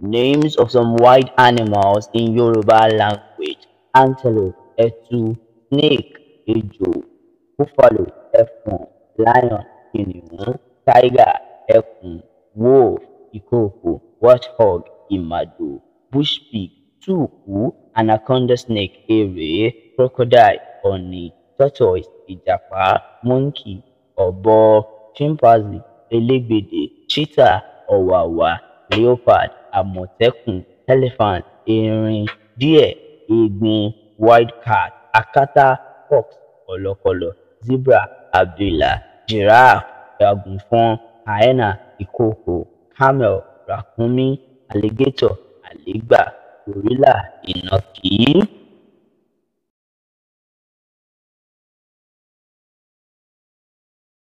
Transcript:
Names of some wild animals in Yoruba language: antelope, etu, snake, ejo, buffalo, ẹfọ̀n, lion, kìnìún, tiger, ẹkùn, wolf, ìkookò, warthog, ìmàdò, bush pig, tuku, anaconda snake, erè, crocodile, oni, tortoise, ìjàpá, monkey, ọ̀bọ, chimpanzee, elégbèdè, cheetah, ọ̀wàwà, leopard àmọ̀tẹ́kùn elephant erin deer eegbin wildcat akátá fox kọ̀lọ̀kọ̀lọ̀ zebra abìlà giraffe àgùnfọ̀n hyena ìkookò camel ràkúnmí alligator àlégbà gorilla ìnàkí.